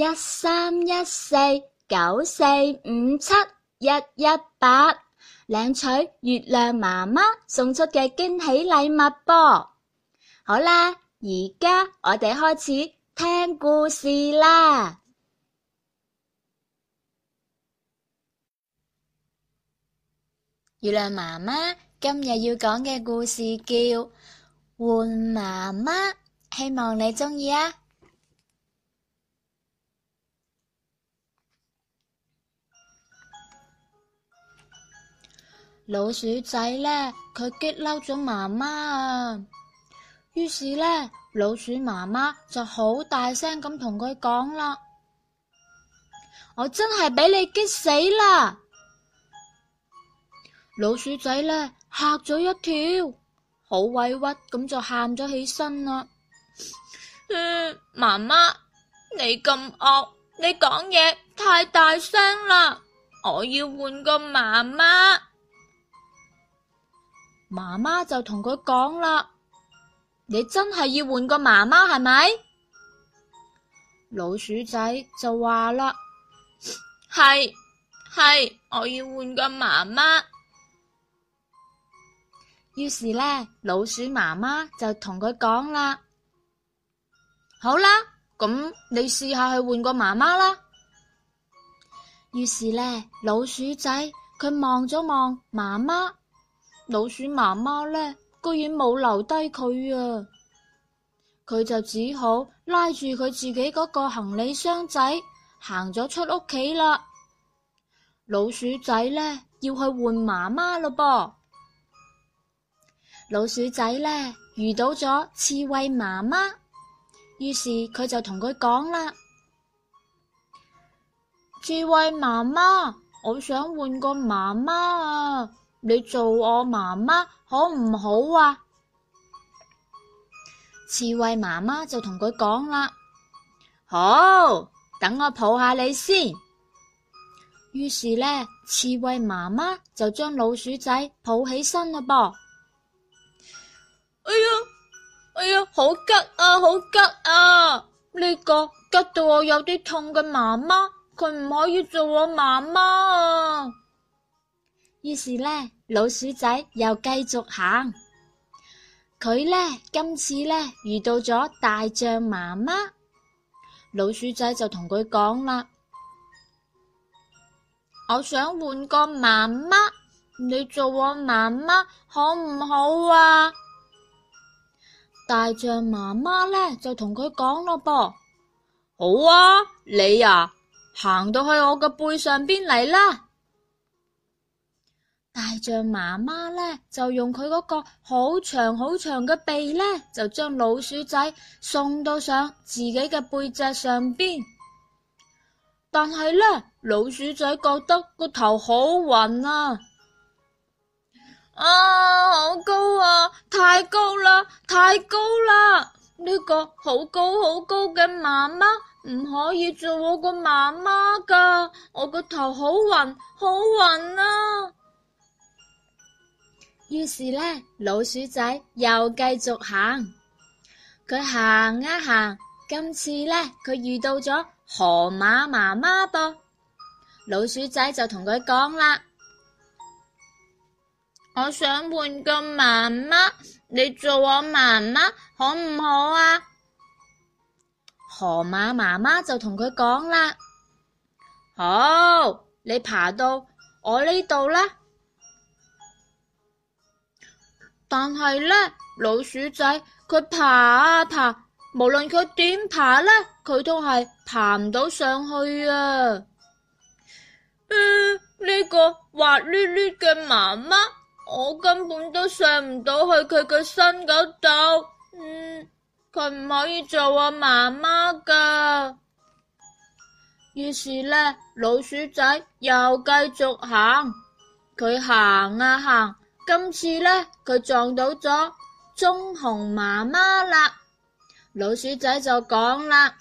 一三一四九四五七一一八，領取月亮媽媽送出嘅驚喜禮物啵！好啦，而家我哋開始聽故事啦。月亮媽媽今日要講嘅故事叫《換媽媽》，希望你鍾意啊！老鼠仔呢，佢激嬲咗媽媽啊。於是呢，老鼠媽媽就好大聲咁同佢講啦：我真係俾你激死啦！老鼠仔呢嚇咗一跳，好委屈咁就喊咗起身啦。嗯，媽媽，你咁惡，你講嘢太大聲啦，我要換個媽媽。媽媽就同佢講啦：你真係要換個媽媽，係咪？老鼠仔就話啦：係，係，我要換個媽媽。於是呢，老鼠媽媽就同佢講啦：好啦，咁，嗯，你試下去換個媽媽啦。於是呢，老鼠仔佢望咗望媽媽。老鼠媽媽呢，居然冇留低佢啊！佢就只好拉住佢自己嗰個行李箱仔，行咗出屋企啦。老鼠仔呢，要去換媽媽啦噃！老鼠仔呢，遇到咗刺蝟媽媽，於是佢就同佢講啦：刺蝟媽媽，我想換個媽媽啊！你做我媽媽好唔好，好啊？刺猬媽媽就同佢講啦：好，等我抱下你先。於是呢，刺猬媽媽就將老鼠仔抱起身啦噃。哎呀，哎呀，好急啊，好急啊！呢、呢個急到我有啲痛嘅媽媽，佢唔可以做我媽媽啊！於是呢，老鼠仔又繼續行。佢呢，今次呢，遇到咗大象媽媽，老鼠仔就同佢講啦：我想換個媽媽，你做我媽媽好唔好啊？大象媽媽呢，就同佢講咯噃：好啊，你啊行到去我嘅背上邊嚟啦。大象媽媽呢，就用佢嗰個好長好長嘅鼻呢，就將老鼠仔送到上自己嘅背脊上邊。但係呢，老鼠仔覺得個頭好暈啊！啊，好高啊，太高啦，太高啦！呢個好高好高嘅媽媽唔可以做我個媽媽噶，我個頭好暈，好暈啊！於是呢，老鼠仔又繼續行。佢行一、啊、行，今次呢，佢遇到咗河馬媽媽噃。老鼠仔就同佢講啦：我想換個媽媽，你做我媽媽好唔好啊？河馬媽媽就同佢講啦：好、哦，你爬到我呢度啦。但係呢，老鼠仔佢爬啊爬，無論佢點爬呢，佢都係爬唔到上去啊！呢、嗯，這個滑溜溜嘅媽媽，我根本都上唔到去佢嘅身嗰度。嗯，佢唔可以做我、啊、媽媽㗎。於是呢，老鼠仔又繼續行，佢行啊行。今次呢，佢撞到咗棕熊媽媽啦。老鼠仔就講啦：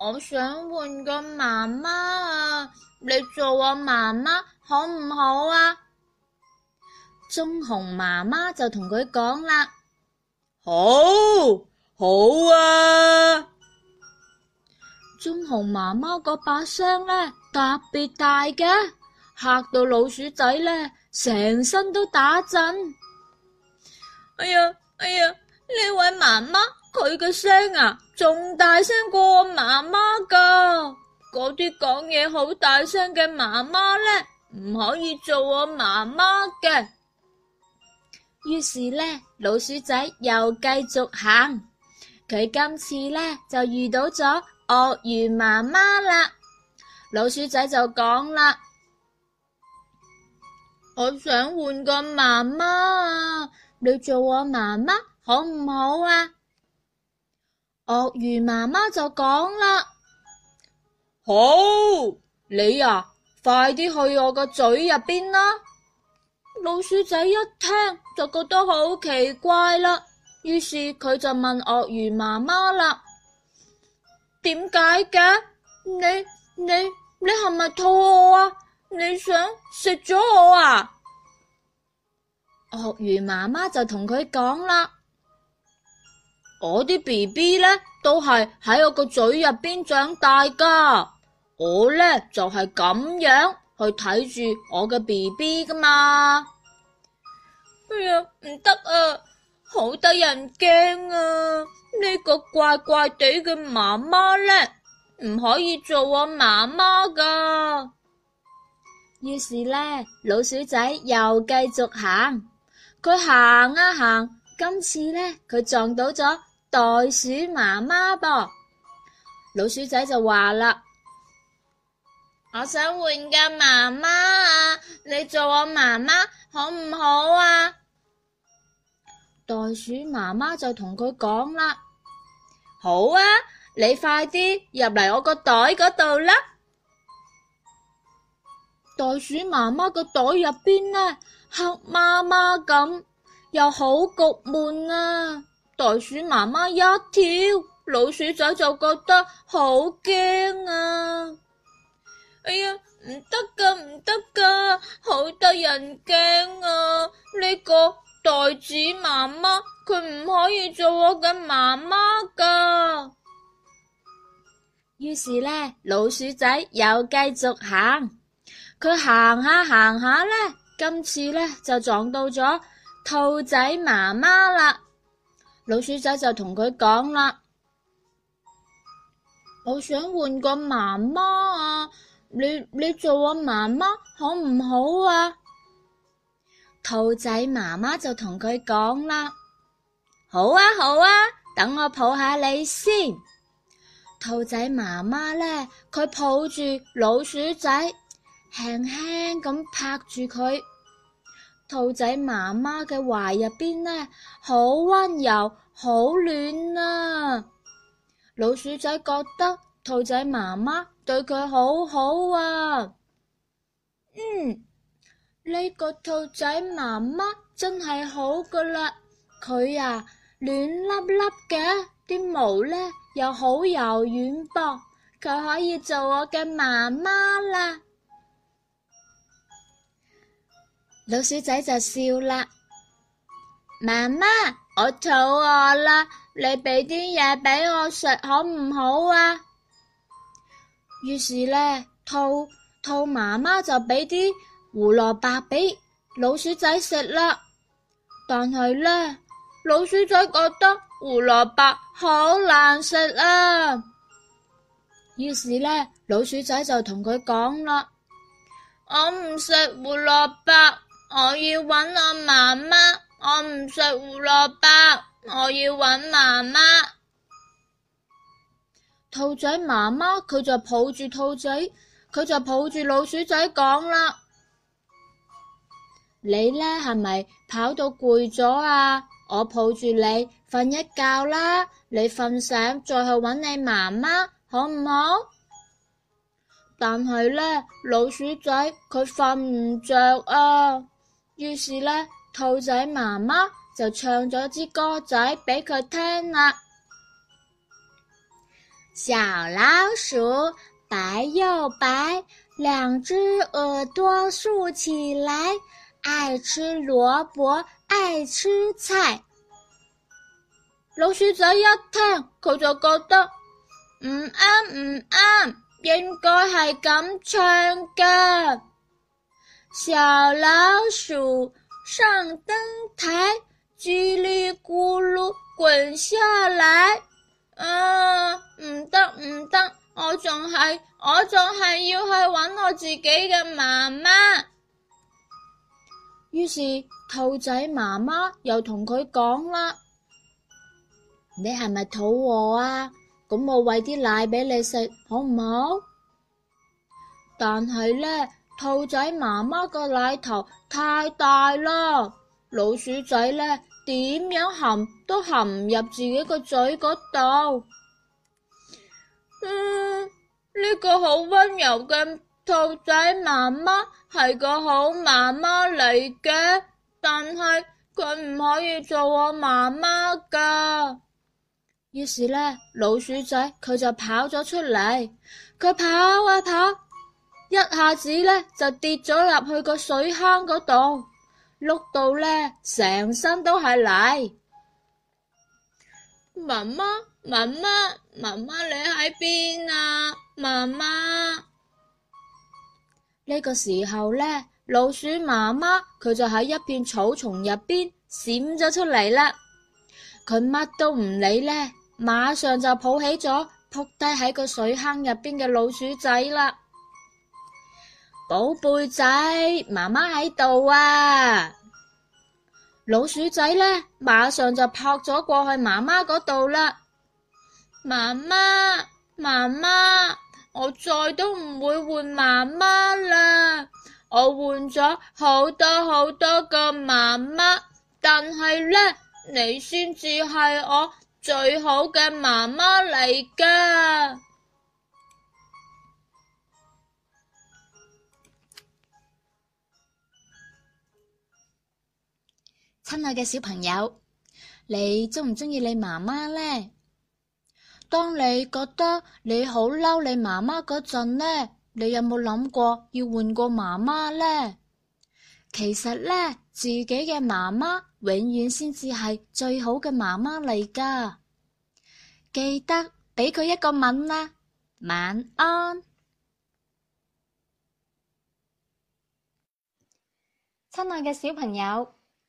我想換個媽媽啊！你做我媽媽好唔好啊？棕熊媽媽就同佢講啦：好，好啊！棕熊媽媽嗰把聲呢，特別大嘅。嚇到老鼠仔呢，成身都打震。哎呀，哎呀，呢位媽媽佢嘅聲啊，仲大聲過我媽媽噶。嗰啲講嘢好大聲嘅媽媽呢，唔可以做我媽媽嘅。於是呢，老鼠仔又繼續行，佢今次呢就遇到咗鱷魚媽媽啦。老鼠仔就講啦。我想換個媽媽啊！你做我媽媽好唔好啊？鱷魚媽媽就講啦：好，你啊，快啲去我個嘴入邊啦！老鼠仔一聽就覺得好奇怪啦，於是佢就問鱷魚媽媽啦：點解嘅？你你你係咪肚餓啊？你想食咗我啊？鱷魚媽媽就同佢講啦：，我啲 B B 咧都係喺我個嘴入邊長大噶，我咧就係、是、咁樣去睇住我嘅 B B 噶嘛。哎呀，唔得啊，好得人驚啊！呢、這個怪怪哋嘅媽媽咧，唔可以做我媽媽噶。於是呢，老鼠仔又繼續行。佢行啊行，今次呢，佢撞到咗袋鼠媽媽噃。老鼠仔就話啦：，我想換個媽媽啊，你做我媽媽好唔好啊？袋鼠媽媽就同佢講啦：，好啊，你快啲入嚟我個袋嗰度啦。袋鼠媽媽個袋入邊呢，黑麻麻咁，又好焗悶啊！袋鼠媽媽一跳，老鼠仔就覺得好驚啊！哎呀，唔得噶，唔得噶，好得人驚啊！呢個袋鼠媽媽佢唔可以做我嘅媽媽噶。於是呢，老鼠仔又繼續行。佢行下行下呢，今次呢，就撞到咗兔仔媽媽啦。老鼠仔就同佢講啦：我想換個媽媽啊，你你做我媽媽好唔好啊？兔仔媽媽就同佢講啦：好啊好啊，等我抱下你先。兔仔媽媽呢，佢抱住老鼠仔。輕輕咁拍住佢，兔仔媽媽嘅懷入邊呢，好溫柔，好暖啊！老鼠仔覺得兔仔媽媽對佢好好啊。嗯，呢、這個兔仔媽媽真係好噶啦，佢呀、啊、暖笠笠嘅，啲毛呢又好柔軟噃。佢可以做我嘅媽媽啦。老鼠仔就笑啦，媽媽，我肚餓啦，你俾啲嘢俾我食好唔好啊？於是呢，兔兔媽媽就俾啲胡蘿蔔俾老鼠仔食啦。但係呢，老鼠仔覺得胡蘿蔔好難食啊。於是呢，老鼠仔就同佢講啦：我唔食胡蘿蔔。我要搵我媽媽，我唔食胡蘿卜，我要搵媽媽。兔仔媽媽佢就抱住兔仔，佢就抱住老鼠仔講啦：你呢係咪跑到攰咗啊？我抱住你瞓一覺啦，你瞓醒再去搵你媽媽，好唔好？但係呢，老鼠仔佢瞓唔着啊。於是呢，兔仔媽媽就唱咗支歌仔俾佢聽啦。小老鼠白又白，兩隻耳朵豎起來，愛吃蘿蔔，愛吃菜。老鼠仔一聽，佢就覺得唔啱唔啱，應該係咁唱噶。小老鼠上燈台，嘰里咕嚕滾下來。啊、呃，唔得唔得，我仲係我仲係要去揾我自己嘅媽媽。於是兔仔媽媽又同佢講啦：你係咪肚餓啊？咁我餵啲奶俾你食，好唔好？但係呢。兔仔媽媽個奶頭太大啦，老鼠仔咧點樣含都含唔入自己個嘴嗰度。嗯，呢個好溫柔嘅兔仔媽媽係個好媽媽嚟嘅，但係佢唔可以做我媽媽噶。於是呢，老鼠仔佢就跑咗出嚟，佢跑啊跑。一下子呢，就跌咗入去個水坑嗰度，碌到呢，成身都係泥。媽媽，媽媽，媽媽，你喺邊啊？媽媽。呢個時候呢，老鼠媽媽佢就喺一片草叢入邊閃咗出嚟啦。佢乜都唔理呢，馬上就抱起咗撲低喺個水坑入邊嘅老鼠仔啦。寶貝仔，媽媽喺度啊！老鼠仔呢，馬上就撲咗過去媽媽嗰度啦！媽媽，媽媽，我再都唔會換媽媽啦！我換咗好多好多個媽媽，但係呢，你先至係我最好嘅媽媽嚟噶。親愛嘅小朋友，你鍾唔鍾意你媽媽呢？當你覺得你好嬲你媽媽嗰陣呢，你有冇諗過要換個媽媽呢？其實呢，自己嘅媽媽永遠先至係最好嘅媽媽嚟噶。記得俾佢一個吻啦，晚安，親愛嘅小朋友。